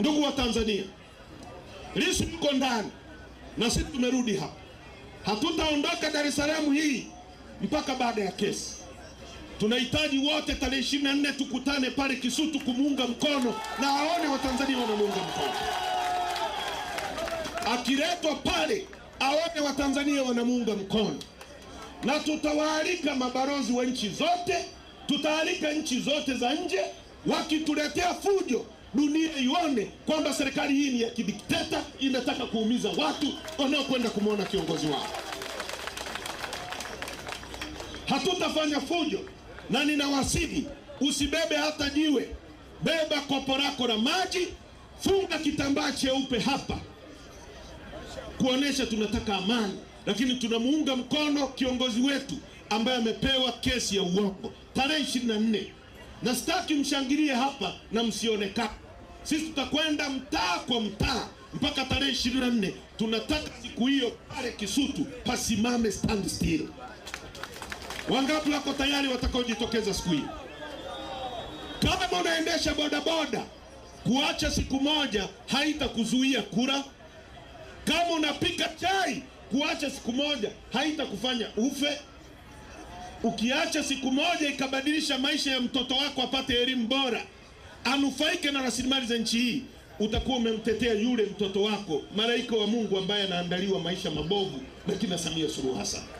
Ndugu wa Tanzania, Lissu mko ndani na sisi tumerudi hapa, hatutaondoka Dar es Salaam hii mpaka baada ya kesi. Tunahitaji wote tarehe ishirini na nne tukutane pale Kisutu kumuunga mkono na aone Watanzania wanamuunga mkono. Akiletwa pale aone Watanzania wanamuunga mkono, na tutawaalika mabalozi wa nchi zote, tutaalika nchi zote za nje, wakituletea fujo dunia ione kwamba serikali hii ni ya kidikteta, inataka kuumiza watu wanaokwenda kumwona kiongozi wao. Hatutafanya fujo, na ninawasihi usibebe hata jiwe, beba kopo lako la maji, funga kitambaa cheupe hapa kuonesha tunataka amani, lakini tunamuunga mkono kiongozi wetu ambaye amepewa kesi ya uongo tarehe 24 na sitaki mshangilie hapa na msionekane. Sisi tutakwenda mtaa kwa mtaa mpaka tarehe 24. Tunataka siku hiyo pale Kisutu pasimame stand still. Wangapi wako tayari watakaojitokeza siku hiyo? Kama unaendesha bodaboda, kuacha siku moja haitakuzuia kura. Kama unapika chai, kuacha siku moja haitakufanya ufe. Ukiacha siku moja ikabadilisha maisha ya mtoto wako apate elimu bora, anufaike na rasilimali za nchi hii, utakuwa umemtetea yule mtoto wako, malaika wa Mungu ambaye anaandaliwa maisha mabovu na kina Samia Suluhu Hassan.